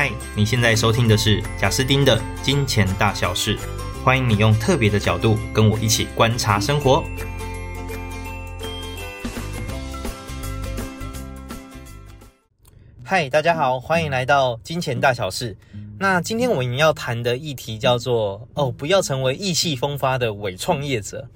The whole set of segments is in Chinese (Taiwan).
嗨，Hi, 你現在收聽的是賈斯丁的《金錢大小事》，歡迎你用特別的角度跟我一起觀察生活。嗨，大家好，歡迎來到《金錢大小事》。那今天我們要談的議題叫做，哦，不要成為意氣風發的偽創業者。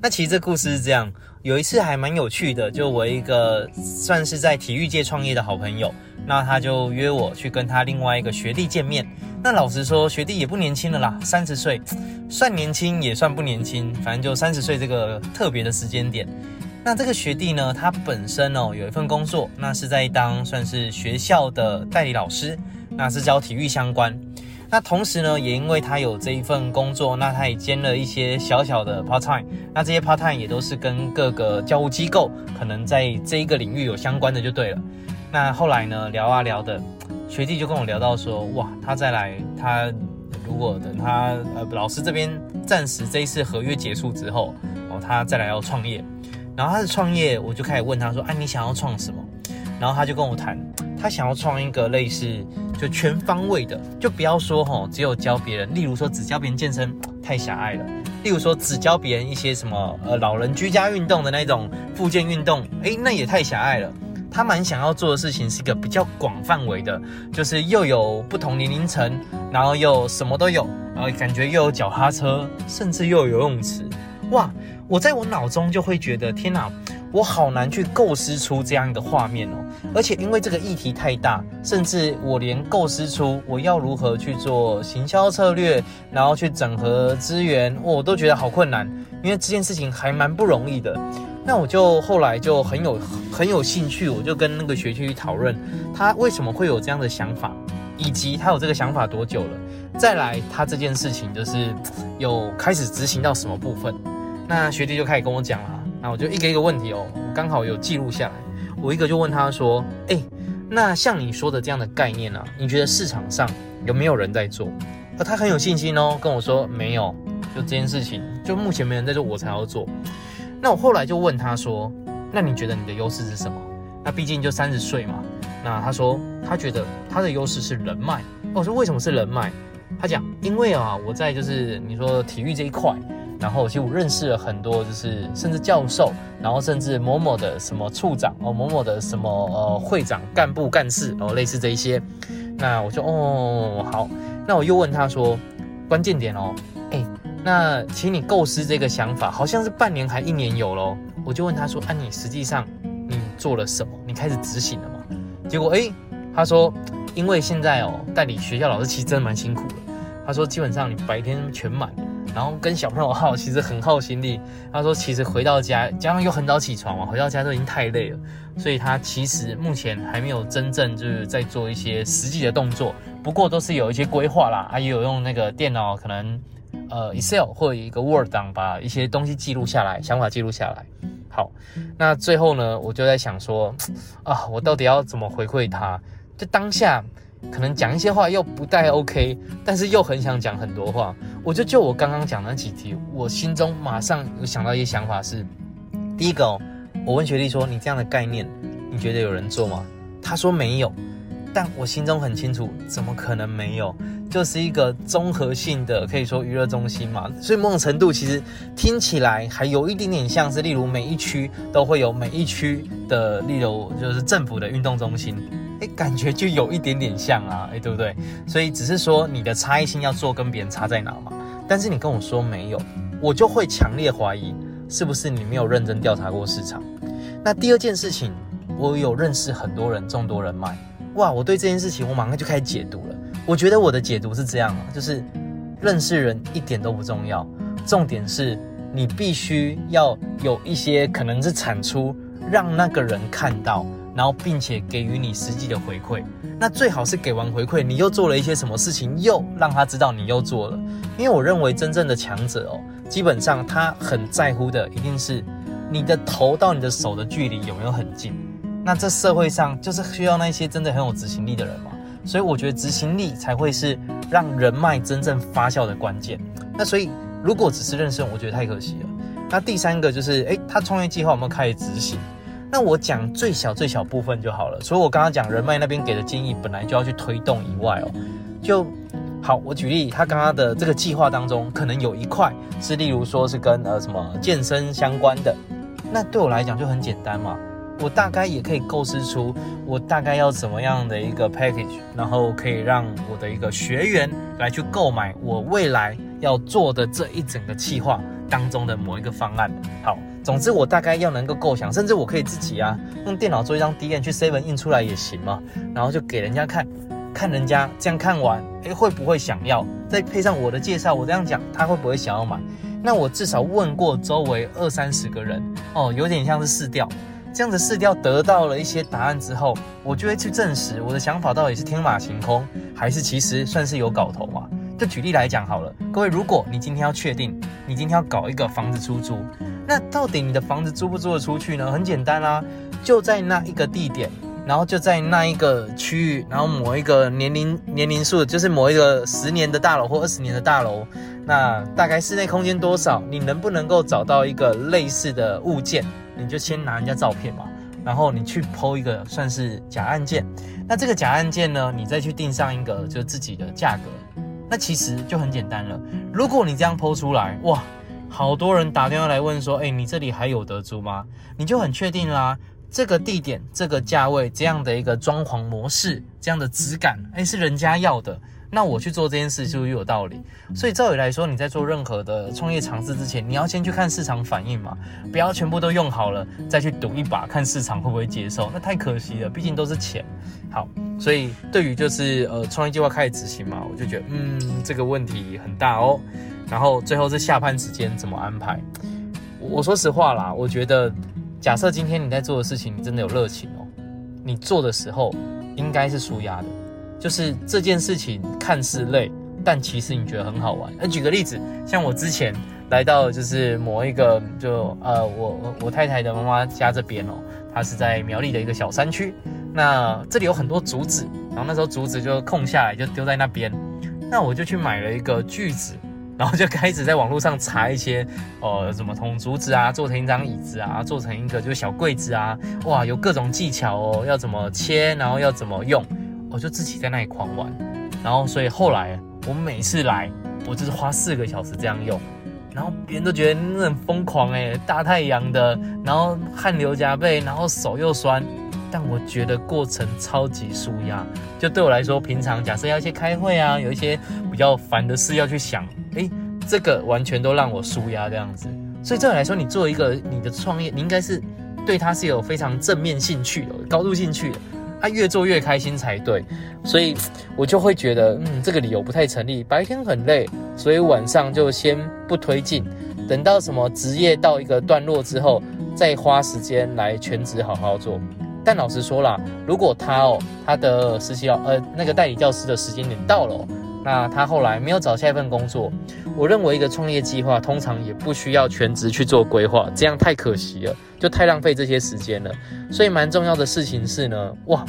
那其實這故事是這樣，有一次還蠻有趣的，就我一個算是在體育界創業的好朋友，那他就約我去跟他另外一個學弟見面。那老實說，學弟也不年輕了啦，三十歲，算年輕也算不年輕，反正就三十歲這個特別的時間點。那這個學弟呢，他本身哦，有一份工作，那是在當算是學校的代理老師。那是教體育相關，那同時呢，也因為他有這一份工作，那他也兼了一些小小的 part time，那這些 part time 也都是跟各個教務機構可能在這一個領域有相關的就對了。那後來呢，聊啊聊的，學弟就跟我聊到說，哇，他再來，他如果等他呃老師這邊暫時這一次合約結束之後，哦，他再來要創業，然後他的創業，我就開始問他說，啊，你想要創什麼？然後他就跟我談。他想要創一個類似就全方位的，就不要說吼、哦、只有教別人，例如說只教別人健身太狹隘了，例如說只教別人一些什麼呃老人居家運動的那種復健運動，哎那也太狹隘了。他蠻想要做的事情是一個比較廣範圍的，就是又有不同年齡層，然後又什麼都有，然後感覺又有腳踏車，甚至又有游泳池，哇！我在我腦中就會覺得，天哪！我好難去構思出這樣一個畫面哦，而且因為這個議題太大，甚至我連構思出我要如何去做行銷策略，然後去整合資源，我都覺得好困難。因為這件事情還蠻不容易的。那我就後來就很有很有興趣，我就跟那個學弟討論，他為什麼會有這樣的想法，以及他有這個想法多久了，再來他這件事情就是有開始執行到什麼部分。那學弟就開始跟我講了。那、啊、我就一個一個問題哦，我剛好有記錄下來。我一個就問他說：“哎、欸，那像你說的這樣的概念啊，你覺得市場上有沒有人在做？”他很有信心哦，跟我說沒有，就這件事情就目前沒人在做，我才要做。那我後來就問他說：“那你覺得你的優勢是什麼？”那畢竟就三十歲嘛。那他說他覺得他的優勢是人脈。我、哦、說為什麼是人脈？他講因為啊，我在就是你說體育這一塊。然後其實我認識了很多，就是甚至教授，然後甚至某某的什麼處長哦，某某的什麼呃會長、幹部幹事哦，類似這一些。那我說哦好，那我又問他說，關鍵點哦，哎，那其實構思這個想法好像是半年還一年有咯。我就問他說，啊你實際上你做了什麼？你開始執行了嗎？結果哎，他說，因為現在哦，代理學校老師其實真的蠻辛苦的。他說基本上你白天全滿。然後跟小朋友耗，其實很耗心力。他說，其實回到家，加上又很早起床嘛，回到家都已經太累了，所以他其實目前還沒有真正就是在做一些實際的動作。不過都是有一些規劃啦，啊，也有用那個電腦，可能呃 Excel 或者一個 Word 檔把一些東西記錄下來，想法記錄下來。好，那最後呢，我就在想說，啊，我到底要怎麼回饋他？就當下。可能講一些話又不太 OK，但是又很想講很多話。我就就我剛剛講的那幾題，我心中馬上有想到一些想法是：第一個哦，我問學弟說，你這樣的概念，你覺得有人做嗎？他說沒有，但我心中很清楚，怎麼可能沒有？就是一個綜合性的，可以說娛樂中心嘛。所以某種程度其實聽起來還有一點點像是，例如每一區都會有每一區的，例如就是政府的運動中心。哎、欸，感覺就有一點點像啊，哎、欸，對不對？所以只是說你的差異性要做跟別人差在哪嘛？但是你跟我說沒有，我就會強烈懷疑是不是你沒有認真調查過市場。那第二件事情，我有認識很多人，眾多人脈，哇！我對這件事情我馬上就開始解讀了。我覺得我的解讀是這樣啊，就是認識人一點都不重要，重點是你必須要有一些可能是產出讓那個人看到。然後，並且給予你實際的回饋，那最好是給完回饋，你又做了一些什麼事情，又讓他知道你又做了。因為我認為真正的強者哦，基本上他很在乎的一定是你的頭到你的手的距離有沒有很近。那這社會上就是需要那些真的很有執行力的人嘛。所以我覺得執行力才會是讓人脈真正發酵的關鍵。那所以如果只是認識，我覺得太可惜了。那第三個就是，誒，他創業計劃有沒有開始執行？那我講最小最小部分就好了，除了我剛剛講人脈那邊給的建議，本來就要去推動以外哦，就好。我舉例，他剛剛的這個計劃當中，可能有一塊是例如說是跟呃什麼健身相關的，那對我來講就很簡單嘛，我大概也可以構思出我大概要怎麼樣的一個 package，然後可以讓我的一個學員來去購買我未來要做的這一整個計劃。當中的某一個方案，好，總之我大概要能夠構想，甚至我可以自己啊，用電腦做一張 D N 去7印出來也行嘛，然後就給人家看，看人家這樣看完，哎，會不會想要？再配上我的介紹，我這樣講，他會不會想要買？那我至少問過周圍二三十個人，哦，有點像是市調，這樣子市調得到了一些答案之後，我就會去證實我的想法到底是天馬行空，還是其實算是有搞頭嘛、啊？就舉例來講好了，各位，如果你今天要確定你今天要搞一個房子出租，那到底你的房子租不租得出去呢？很簡單啦、啊，就在那一個地點，然後就在那一個區域，然後某一個年齡年齡數，就是某一個十年的大樓或二十年的大樓，那大概室內空間多少，你能不能夠找到一個類似的物件，你就先拿人家照片嘛，然後你去 PO 一個算是假案件，那這個假案件呢，你再去定上一個就自己的價格。那其實就很簡單了，如果你這樣 PO 出來，哇，好多人打電話來問說，哎、欸，你這裡還有得租嗎？你就很確定啦，這個地點、這個價位、這樣的一個裝潢模式、這樣的質感，哎、欸，是人家要的。那我去做這件事是不是有道理？所以照理來說，你在做任何的創業嘗試之前，你要先去看市場反應嘛，不要全部都用好了再去賭一把，看市場會不會接受，那太可惜了，畢竟都是錢。好，所以對於就是呃創業計劃開始執行嘛，我就覺得嗯這個問題很大哦。然後最後是下班時間怎麼安排我，我說實話啦，我覺得假設今天你在做的事情你真的有熱情哦，你做的時候應該是舒壓的。就是這件事情看似累，但其實你覺得很好玩。哎，舉個例子，像我之前來到就是某一個就呃，我我太太的媽媽家這邊哦，她是在苗栗的一個小山區。那這裡有很多竹子，然後那時候竹子就空下來就丟在那邊，那我就去買了一個鋸子，然後就開始在網路上查一些呃怎麼從竹子啊做成一張椅子啊，做成一個就是小櫃子啊，哇，有各種技巧哦，要怎麼切，然後要怎麼用。我就自己在那裡狂玩，然後所以後來我每次來，我就是花四個小時這樣用，然後別人都覺得那很瘋狂誒、欸，大太陽的，然後汗流浹背，然後手又酸，但我覺得過程超級舒壓，就對我來說，平常假設要一些開會啊，有一些比較煩的事要去想，誒、欸，這個完全都讓我舒壓這樣子。所以這裡來說，你做一個你的創業，你應該是對它是有非常正面興趣的，高度興趣的。他、啊、越做越開心才對，所以我就會覺得，嗯，這個理由不太成立。白天很累，所以晚上就先不推進，等到什麼職業到一個段落之後，再花時間來全職好好做。但老實說啦，如果他哦，他的實習哦，呃，那個代理教師的時間點到了、哦。那他後來沒有找下一份工作。我認為一個創業計劃通常也不需要全職去做規劃，這樣太可惜了，就太浪費這些時間了。所以蠻重要的事情是呢，哇，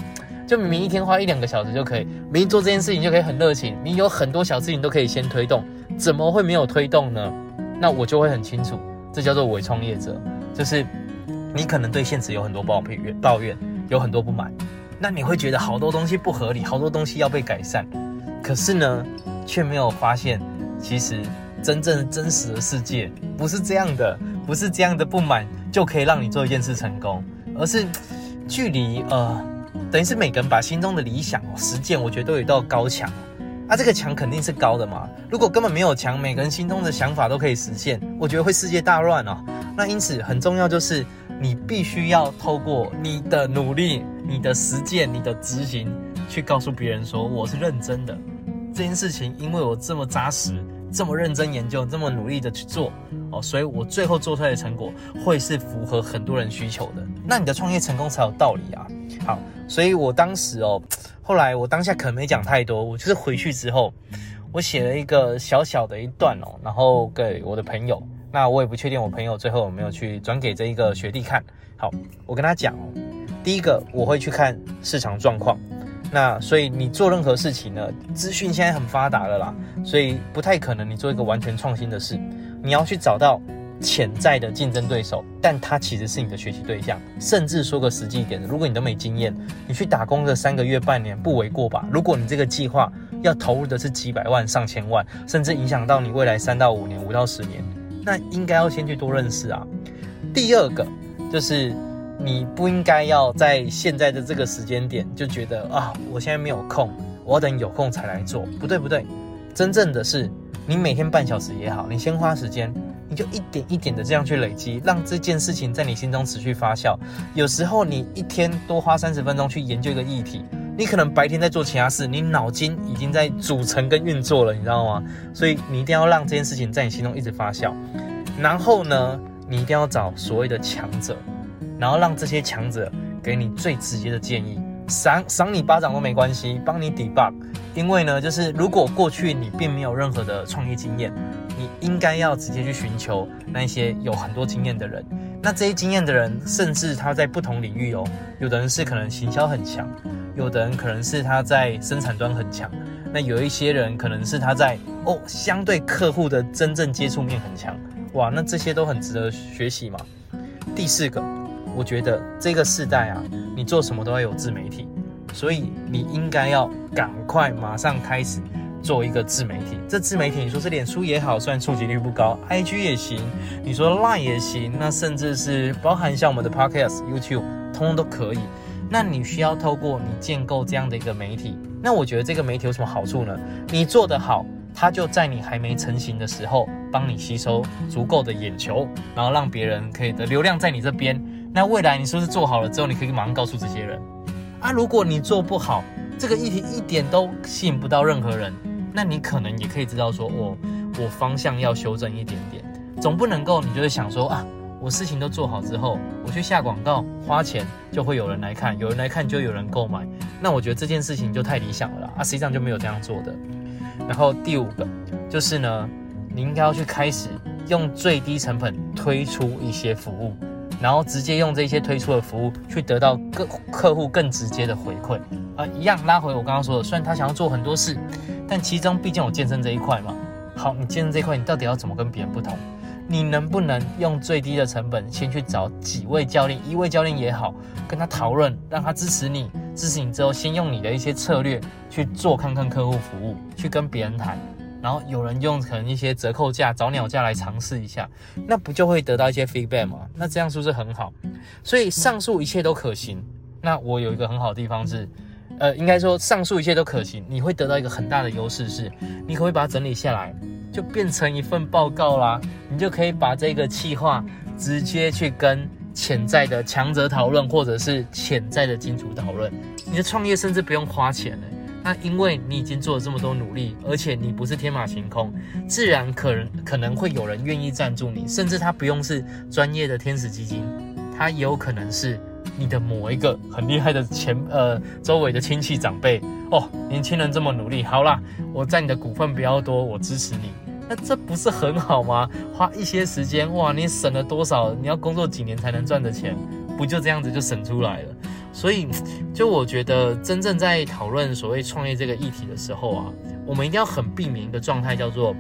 就明明一天花一兩個小時就可以，明明做這件事情就可以很熱情，你有很多小事情都可以先推動，怎麼會沒有推動呢？那我就會很清楚，這叫做偽創業者，就是你可能對現實有很多抱怨，抱怨有很多不滿，那你會覺得好多東西不合理，好多東西要被改善。可是呢，卻沒有發現，其實真正真實的世界不是這樣的，不是這樣的不滿就可以讓你做一件事成功，而是距離呃，等於是每個人把心中的理想哦實踐，我覺得都有一道高牆，啊，這個牆肯定是高的嘛。如果根本沒有牆，每個人心中的想法都可以實現，我覺得會世界大亂哦、啊。那因此很重要就是，你必須要透過你的努力、你的實踐、你的執行，去告訴別人說，我是認真的。這件事情，因為我這麼紮實、這麼認真研究、這麼努力的去做哦，所以我最後做出來的成果會是符合很多人需求的。那你的創業成功才有道理啊！好，所以我當時哦，後來我當下可能沒講太多，我就是回去之後，我寫了一個小小的一段哦，然後給我的朋友。那我也不確定我朋友最後有沒有去轉給這一個學弟看。好，我跟他講哦，第一個我會去看市場狀況。那所以你做任何事情呢，資訊現在很發達了啦，所以不太可能你做一個完全創新的事，你要去找到潛在的競爭對手，但他其實是你的學習對象。甚至說個實際一點的，如果你都沒經驗，你去打工這三個月半年不為過吧？如果你這個計劃要投入的是幾百萬、上千萬，甚至影響到你未來三到五年、五到十年，那應該要先去多認識啊。第二個就是。你不應該要在現在的這個時間點就覺得啊，我現在沒有空，我要等有空才來做。不對不對，真正的是你每天半小時也好，你先花時間，你就一點一點的這樣去累積，讓這件事情在你心中持續發酵。有時候你一天多花三十分鐘去研究一個議題，你可能白天在做其他事，你腦筋已經在組成跟運作了，你知道嗎？所以你一定要讓這件事情在你心中一直發酵。然後呢，你一定要找所謂的強者。然後讓這些強者給你最直接的建議，賞賞你巴掌都沒關係，幫你 debug。因為呢，就是如果過去你並沒有任何的創業經驗，你應該要直接去尋求那些有很多經驗的人。那這些經驗的人，甚至他在不同領域哦，有的人是可能行銷很強，有的人可能是他在生產端很強，那有一些人可能是他在哦相對客戶的真正接觸面很強，哇，那這些都很值得學習嘛。第四個。我覺得這個世代啊，你做什麼都要有自媒體，所以你應該要趕快馬上開始做一個自媒體。這自媒體你說是臉書也好，雖然觸及率不高，IG 也行，你說 Line 也行，那甚至是包含像我們的 Podcast、YouTube，通通都可以。那你需要透過你建構這樣的一個媒體，那我覺得這個媒體有什麼好處呢？你做得好，它就在你還沒成型的時候，幫你吸收足夠的眼球，然後讓別人可以的流量在你這邊。那未來你是不是做好了之後，你可以馬上告訴這些人啊。如果你做不好，這個議題一點都吸引不到任何人，那你可能也可以知道說，我我方向要修正一點點，總不能夠你就是想說啊，我事情都做好之後，我去下廣告花錢就會有人來看，有人來看就有人購買。那我覺得這件事情就太理想了啦啊，實際上就沒有這樣做的。然後第五個就是呢，你應該要去開始用最低成本推出一些服務。然後直接用這些推出的服務去得到各客戶更直接的回饋，啊，一樣拉回我剛剛說的，雖然他想要做很多事，但其中畢竟有健身這一塊嘛。好，你健身這一塊你到底要怎麼跟別人不同？你能不能用最低的成本先去找幾位教練，一位教練也好，跟他討論，讓他支持你，支持你之後，先用你的一些策略去做看看客戶服務，去跟別人談。然後有人用可能一些折扣價、早鳥價來嘗試一下，那不就會得到一些 feedback 嗎？那這樣是不是很好？所以上述一切都可行。那我有一個很好的地方是，呃，應該說上述一切都可行，你會得到一個很大的優勢是，你可以把它整理下來，就變成一份報告啦。你就可以把這個企劃直接去跟潛在的強者討論，或者是潛在的金主討論。你的創業甚至不用花錢呢、欸。那、啊、因為你已經做了這麼多努力，而且你不是天馬行空，自然可能可能會有人願意贊助你，甚至他不用是專業的天使基金，他也有可能是你的某一個很厲害的前呃周圍的親戚長輩。哦，年輕人這麼努力，好啦，我佔你的股份比較多，我支持你，那這不是很好嗎？花一些時間哇，你省了多少？你要工作幾年才能賺的錢，不就這樣子就省出來了？所以，就我覺得真正在討論所謂創業這個議題的時候啊，我們一定要很避免一個狀態，叫做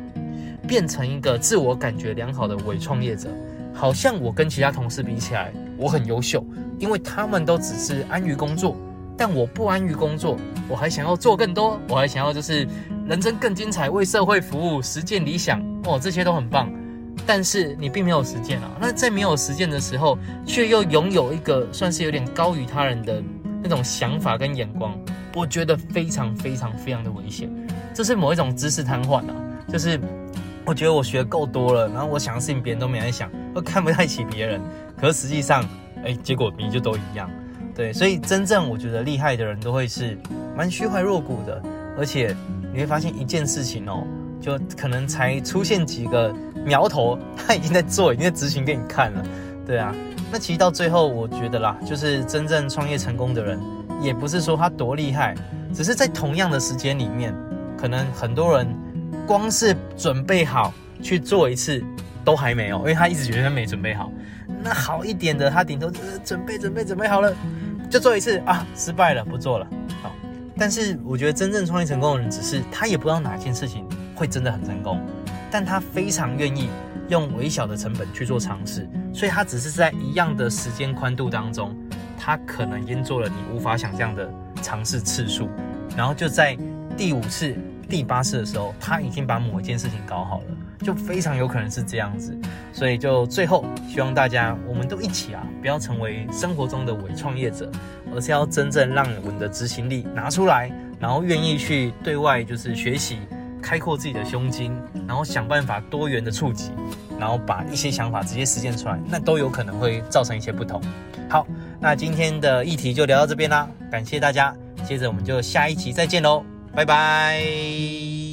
變成一個自我感覺良好的偽創業者。好像我跟其他同事比起來，我很優秀，因為他們都只是安於工作，但我不安於工作，我還想要做更多，我還想要就是人生更精彩，為社會服務，實踐理想，哦，這些都很棒。但是你並沒有實踐啊！那在沒有實踐的時候，卻又擁有一個算是有點高於他人的那種想法跟眼光，我覺得非常非常非常的危險。這是某一種知識癱瘓啊！就是我覺得我學夠多了，然後我想的事情別人都沒在想，我看不太起別人。可是實際上，哎，結果你就都一樣。對，所以真正我覺得厲害的人都會是蠻虛懷若谷的，而且你會發現一件事情哦，就可能才出現幾個。苗頭，他已經在做，已經在執行給你看了，對啊。那其實到最後，我覺得啦，就是真正創業成功的人，也不是說他多厲害，只是在同樣的時間裡面，可能很多人光是準備好去做一次都還沒有，因為他一直覺得他沒準備好。那好一點的，他頂多就是準備準備準備好了，就做一次啊，失敗了不做了。好，但是我覺得真正創業成功的人，只是他也不知道哪件事情會真的很成功。但他非常願意用微小的成本去做嘗試，所以他只是在一樣的時間寬度當中，他可能已經做了你無法想象的嘗試次數，然後就在第五次、第八次的時候，他已經把某一件事情搞好了，就非常有可能是這樣子。所以就最後，希望大家我們都一起啊，不要成為生活中的偽創業者，而是要真正讓我們的執行力拿出來，然後願意去對外就是學習。開闊自己的胸襟，然後想辦法多元的觸及，然後把一些想法直接實踐出來，那都有可能會造成一些不同。好，那今天的議題就聊到這邊啦，感謝大家，接着我們就下一期再見嘍，拜拜。